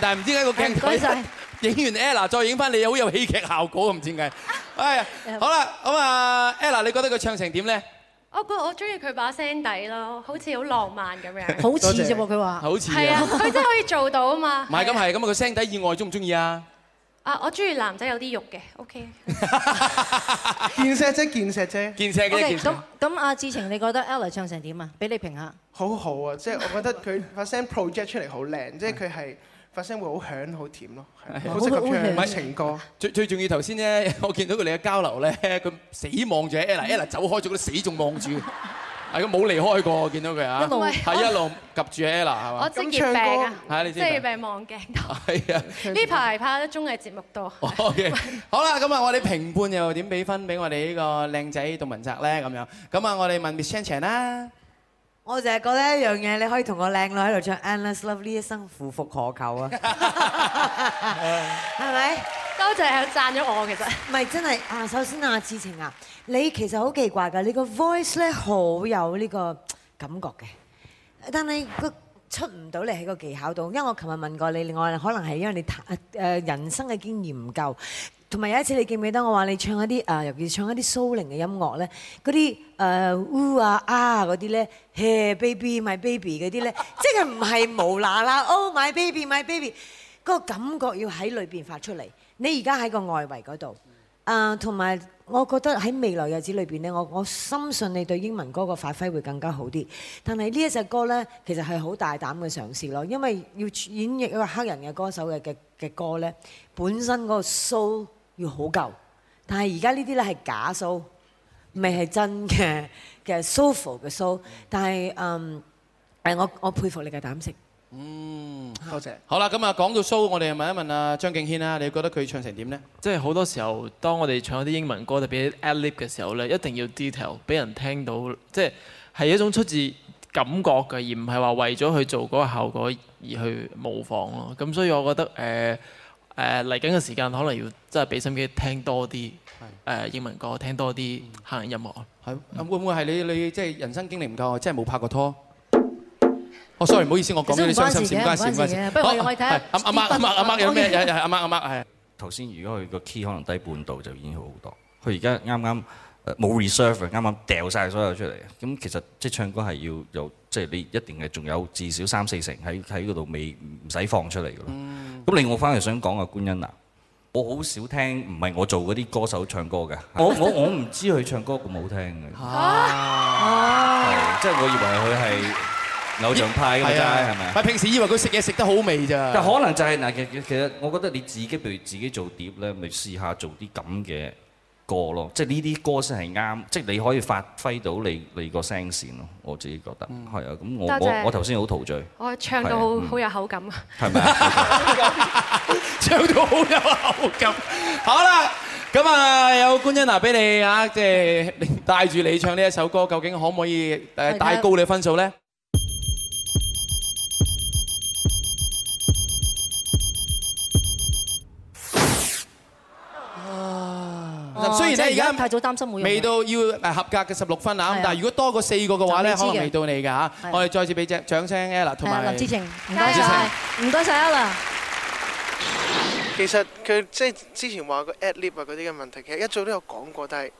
但唔知點解個鏡頭，影完 Ella 再影翻你，好有戲劇效果唔知點解。係好啦，咁啊 Ella，你覺得佢唱成點咧？我覺我中意佢把聲底咯，好似好浪漫咁樣。好似啫喎，佢話。好似。係啊，佢真係可以做到啊嘛。唔係咁係，咁佢聲底以外，中唔中意啊？啊，我中意男仔有啲肉嘅。OK。見識啫，見識啫。見識啫，咁咁啊，志晴，你覺得 Ella 唱成點啊？俾你評下。好好啊，即係我覺得佢把聲 project 出嚟好靚，即係佢係。發聲會好響，好甜咯，好似噉唱，唔係情歌。最最重要頭先咧，我見到佢哋嘅交流咧，佢死望住 Ella，Ella 走開咗，佢死仲望住，係佢冇離開過，見到佢啊，係一路夾住 Ella 係嘛？我職業病啊，職業病望鏡頭。係啊，呢排拍得綜藝節目多。OK，好啦，咁啊，我哋評判又點俾分俾我哋呢個靚仔杜汶澤咧咁樣？咁啊，我哋問 Miss Chan 先啦。我就係覺得一樣嘢，你可以同個靚女喺度唱 Endless Love，呢一生夫復何求啊 吧！係咪？多謝又讚咗我，其實唔係真係。啊，首先啊，志程啊，你其實好奇怪噶，你個 voice 咧，好有呢個感覺嘅，但係佢出唔到嚟喺個技巧度，因為我琴日問過你，另外可能係因為你談人生嘅經驗唔夠。同埋有一次你記唔記得我話你唱一啲啊、呃，尤其是唱一啲蘇寧嘅音樂咧，嗰啲誒 o 啊啊」嗰啲咧，Hey baby my baby 嗰啲咧， 即係唔係無啦啦，Oh my baby my baby，嗰、那個感覺要喺裏邊發出嚟。你而家喺個外圍嗰度啊，同、呃、埋我覺得喺未來日子裏邊咧，我我深信你對英文歌個發揮會更加好啲。但係呢一首歌咧，其實係好大膽嘅嘗試咯，因為要演繹一個黑人嘅歌手嘅嘅嘅歌咧，本身嗰個 s o 要好舊，但係而家呢啲咧係假蘇，未係真嘅嘅蘇腐嘅蘇。但係嗯，係我我佩服你嘅膽識。嗯，多謝。好啦，咁啊講到蘇，我哋問一問啊張敬軒啦，你覺得佢唱成點咧？即係好多時候，當我哋唱一啲英文歌，特別 ad-lib 嘅時候咧，一定要 detail 俾人聽到。即係係一種出自感覺嘅，而唔係話為咗去做嗰個效果而去模仿咯。咁所以我覺得誒。誒嚟緊嘅時間，可能要真係俾心機聽多啲誒英文歌，的嗯、聽多啲黑人音樂。係的、嗯、會唔會係你你即係人生經歷唔夠，即係冇拍過拖？我 sorry，唔好意思，我講啲傷心事，唔關事。好、啊，阿媽阿媽，阿媽，阿媽有咩、啊？阿媽，阿媽係。頭先、啊、如果佢個 key 可能低半度就已經好好多。佢而家啱啱。誒冇 reserve，啱啱掉曬所有出嚟，咁其實即係唱歌係要有，即係你一定係仲有至少三四成喺喺嗰度未唔使放出嚟嘅咯。咁你我翻嚟想講阿官恩娜，我好少聽，唔係我做嗰啲歌手唱歌嘅。我我我唔知佢唱歌咁好聽嘅。嚇！即係我以為佢係偶像派咁解係咪？咪平時以為佢食嘢食得好味咋？但可能就係嗱，其實我覺得你自己譬如自己做碟咧，咪試下做啲咁嘅。個咯，即係呢啲歌先係啱，即係你可以發揮到你你個聲線咯。我自己覺得，係啊，咁我我我頭先好陶醉，我唱到好有口感啊，係咪啊？唱到好有口感。好啦，咁啊有官恩娜俾你啊，即係帶住你唱呢一首歌，究竟可唔可以帶高你分數咧？雖然咧，而家太早擔心冇用，未到要誒合格嘅十六分啊！但係如果多過四個嘅話咧，可能未到你㗎嚇。我哋再次俾隻掌聲，Alex 同埋林志程，唔該曬，唔該曬，Alex。其實佢即係之前話個 ad lib 啊嗰啲嘅問題，其實一早都有講過，但係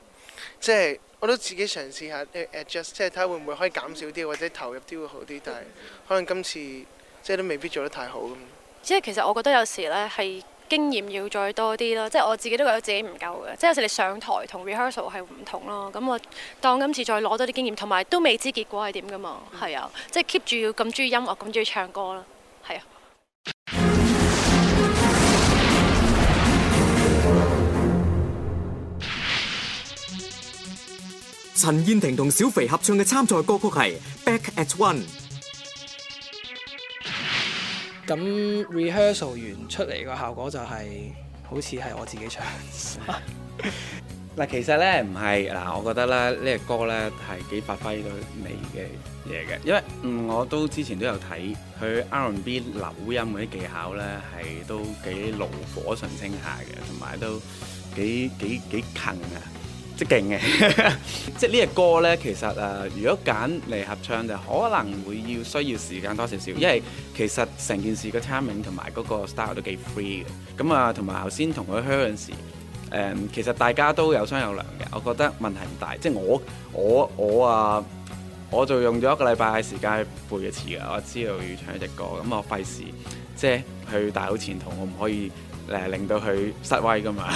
即係我都自己嘗試下去 adjust，即係睇下會唔會可以減少啲或者投入啲會好啲，但係可能今次即係都未必做得太好咁。即係其實我覺得有時咧係。經驗要再多啲咯，即係我自己都覺得自己唔夠嘅，即係有時你上台同 rehearsal 係唔同咯。咁我當今次再攞多啲經驗，同埋都未知結果係點噶嘛？係啊，即係 keep 住要咁中意音樂，咁中意唱歌啦。係啊。陳彥廷同小肥合唱嘅參賽歌曲係《Back at One》。咁 rehearsal 完出嚟個效果就係好似係我自己唱。嗱，其實咧唔係嗱，我覺得咧，呢隻歌咧係幾發揮到你嘅嘢嘅，因為嗯，我都之前都有睇佢 R&B 扭音嗰啲技巧咧係都幾爐火純青下嘅，同埋都幾幾幾勤啊。勁嘅，即係呢隻歌呢，其實誒、啊，如果揀嚟合唱就可能會要需要時間多少少，因為其實成件事個 timing 同埋嗰個 style 都幾 free 嘅。咁啊，同埋頭先同佢 hear 嗰陣時、嗯，其實大家都有商有量嘅，我覺得問題唔大。即、就、係、是、我我我啊，我就用咗一個禮拜時間背嘅詞啊。我知道要唱呢隻歌，咁我費事即係去大好前途，我唔可以誒、啊、令到佢失威噶嘛。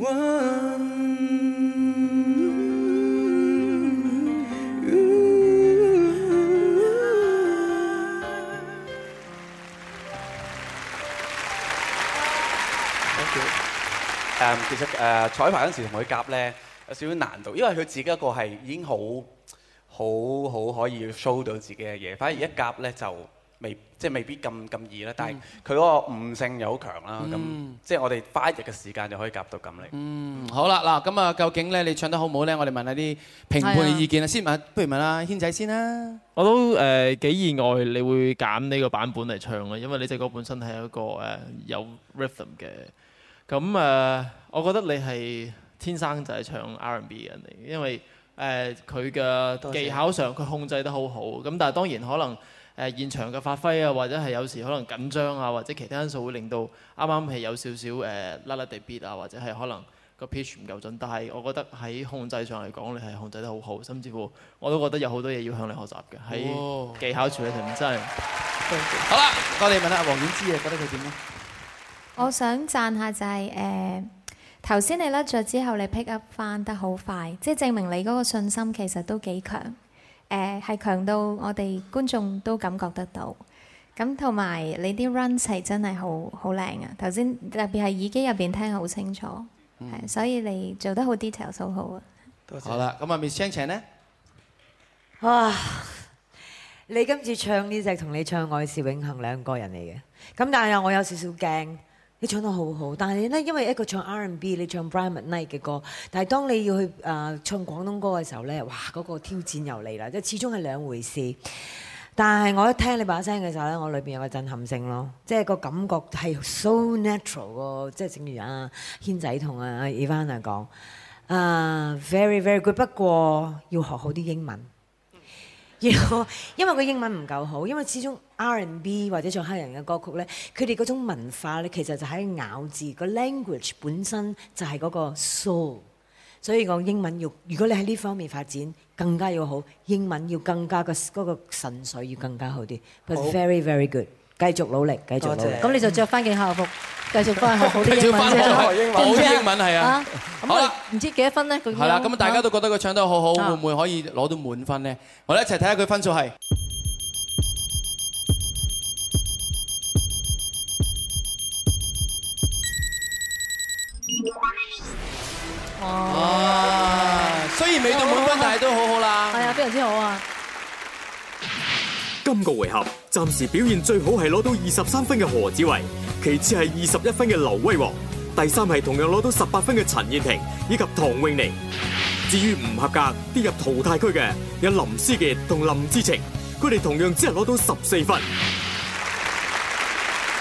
o One、um, 其實其實啊，彩排嗰時同佢夾呢有少少難度，因為佢自己一個係已經好，好，好可以 show 到自己嘅嘢，反而一夾呢就。未即係未必咁咁易啦，但係佢嗰個悟性又好強啦。咁、嗯、即係我哋花一日嘅時間就可以夾到咁嚟。嗯，好啦，嗱咁啊，究竟咧你唱得好唔好咧？我哋問下啲評判嘅意見啦。是的 先問，不如問啦，軒仔先啦。我都誒幾意外你會揀呢個版本嚟唱嘅，因為你隻歌本身係一個誒有 rhythm 嘅。咁誒，我覺得你係天生就係唱 R&B 嘅人嚟，嘅因為誒佢嘅技巧上佢控制得好好。咁但係當然可能。誒現場嘅發揮啊，或者係有時可能緊張啊，或者其他因素會令到啱啱係有少少誒甩甩地跌啊，或者係可能個 pitch 唔夠準。但係我覺得喺控制上嚟講，你係控制得好好，甚至乎我都覺得有好多嘢要向你學習嘅。喺技巧處理上面真係。謝謝，好啦，我哋問下黃婉芝，啊，覺得佢點呢？我，問問，我想讚下就係、是、誒，頭、呃、先你甩咗之後，你 pick up 翻得好快，即係證明你嗰個信心其實都幾強。誒係強到我哋觀眾都感覺得到，咁同埋你啲 run 係真係好好靚啊！頭先特別係耳機入面聽得好清楚，所以你做得好 detail，好好啊！好啦，咁下面張晴呢？哇！你今次唱呢隻同你唱愛是永恆兩個人嚟嘅，咁但係我有少少驚。你唱得好好，但係咧，因為一個唱 R&B，你唱 Brian McKnight 嘅歌，但係當你要去啊、呃、唱廣東歌嘅時候呢，哇，嗰、那個挑戰又嚟啦！即始終係兩回事。但係我一聽你把聲嘅時候呢，我裏邊有個震撼性咯，即、就、係、是、個感覺係 so natural 個、啊，即係正如阿軒仔同阿 Evan 啊講啊、uh, very very good，不過要學好啲英文。要， 因為佢英文唔夠好，因為始終 R&B 或者做黑人嘅歌曲呢，佢哋嗰種文化呢，其實就喺咬字，個 language 本身就係嗰個 soul，所以講英文要，如果你喺呢方面發展更加要好，英文要更加嘅嗰、嗰個神髓要更加好啲，佢 u very very good。繼續努力，繼續努力。咁你就著翻件校服，繼續翻學好啲英文啫。著翻咗學英文，好英文係啊。好啦，唔知幾多分呢？佢係啦，咁大家都覺得佢唱得好好，會唔會可以攞到滿分呢？我哋一齊睇下佢分數係。哇！雖然未到滿分，但係都好好啦。係啊，非常之好啊。今個回合。暫時表現最好係攞到二十三分嘅何紫慧，其次係二十一分嘅劉威煌，第三係同樣攞到十八分嘅陳彥廷以及唐泳妮。至於唔合格跌入淘汰區嘅有林師傑同林志程，佢哋同樣只係攞到十四分。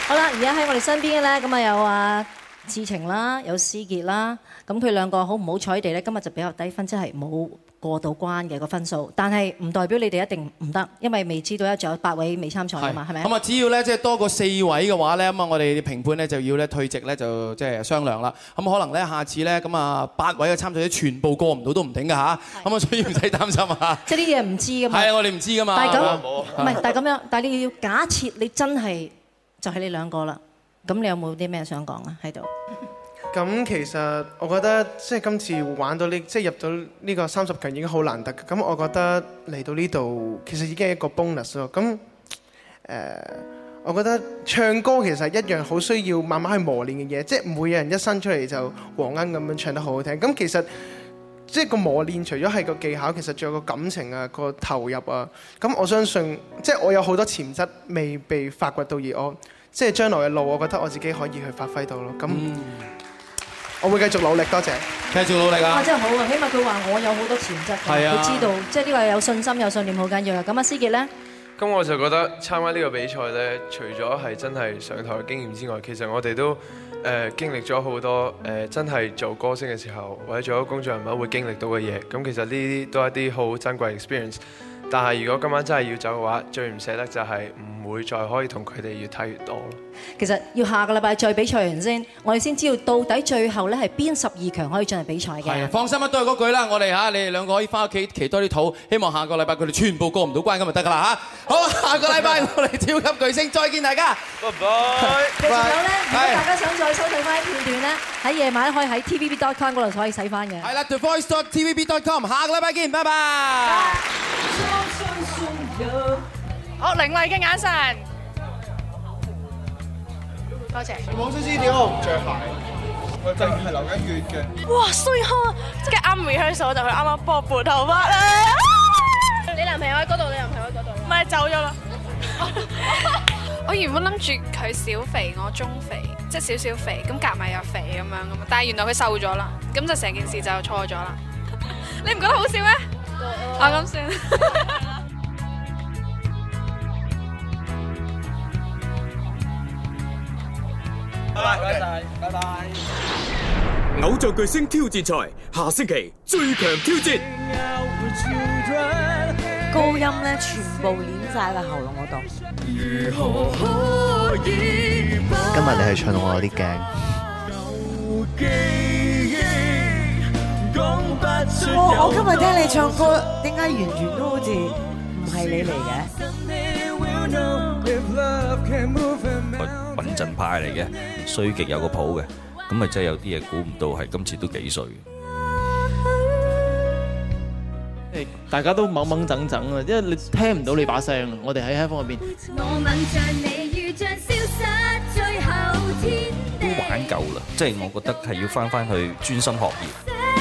好啦，而家喺我哋身邊嘅咧，咁啊有啊志程啦，有師傑啦，咁佢兩個好唔好彩地咧，今日就比較低分，即係冇。過到關嘅、那個分數，但係唔代表你哋一定唔得，因為未知道一仲有八位未參賽啊嘛，係咪是？咁啊吧，只要咧即係多過四位嘅話咧，咁啊，我哋評判咧就要咧退席咧，就即係商量啦。咁可能咧下次咧，咁啊八位嘅參賽者全部過唔到都唔頂㗎吓。咁啊的，所以唔使擔心啊。即係啲嘢唔知㗎嘛。係啊，我哋唔知㗎嘛。唔係不有，但係咁樣，但係你要假設你真係就係、是、你兩個啦。咁你有冇啲咩想講啊？喺度。咁其實我覺得即係今次玩到呢，即係入到呢個三十強已經好難得。咁我覺得嚟到呢度其實已經係一個 bonus 咯。咁誒，我覺得唱歌其實一樣好需要慢慢去磨練嘅嘢。即係唔會有人一生出嚟就黃鶯咁樣唱得好好聽。咁其實即係個磨練，除咗係個技巧，其實仲有個感情啊、個投入啊。咁我相信即係我有好多潛質未被發掘到而我，即係將來嘅路，我覺得我自己可以去發揮到咯。咁。我會繼續努力，多謝，繼續努力啊！真係好啊，起碼佢話我有好多潛質，佢的知道，即係呢個有信心、有信念好緊要啊。咁阿思傑咧，咁我就覺得參加呢個比賽咧，除咗係真係上台嘅經驗之外，其實我哋都誒、呃、經歷咗好多誒、呃、真係做歌星嘅時候，或者做咗公眾人物會經歷到嘅嘢。咁其實呢啲都係一啲好珍貴 experience。但係如果今晚真係要走嘅話，最唔捨得就係唔會再可以同佢哋越睇越多。其實要下個禮拜再比賽完先，我哋先知道到底最後咧係邊十二強可以進入比賽嘅。係啊，放心啦，都係嗰句啦，我哋嚇你哋兩個可以翻屋企期待啲肚，希望下個禮拜佢哋全部過唔到關，咁就得噶啦嚇。好，下個禮拜我哋超級巨星再見大家，拜拜。最後咧，如果大家想再收睇翻片段咧，喺夜晚可以喺 TVB dot com 嗰度可以睇翻嘅。係啦，The Voice dot TVB dot com，下個禮拜見，拜拜。好，凌厲嘅眼神。多謝。黃先 Thank 知點解唔着鞋？個腳係流緊血嘅。哇！所以可即刻啱尾香我就去啱啱波撥頭髮啦、啊。你男朋友嗰度？你男朋友嗰度？咪走咗咯。 我原本諗住佢小肥，我中肥，即係少少肥，咁夾埋又肥咁樣咁，但係原來佢瘦咗啦，咁就成件事就錯咗啦。 你唔覺得好笑咩？Yeah. 我咁算。 拜拜，多謝，拜拜。偶像巨星挑戰賽，下星期最強挑戰。高音咧，全部碾晒喺喉嚨嗰度。今日你係唱到我有啲驚。我我今日聽你唱歌，點解完全都好似唔係你嚟嘅？係穩陣派嚟嘅，衰極有個譜嘅，咁啊真係有啲嘢估唔到，係今次都幾衰嘅。誒，大家都懵懵整整啊，因為你聽唔到你把聲啊。我哋喺黑房入邊都玩夠啦，即係我覺得係要翻翻去專心學業。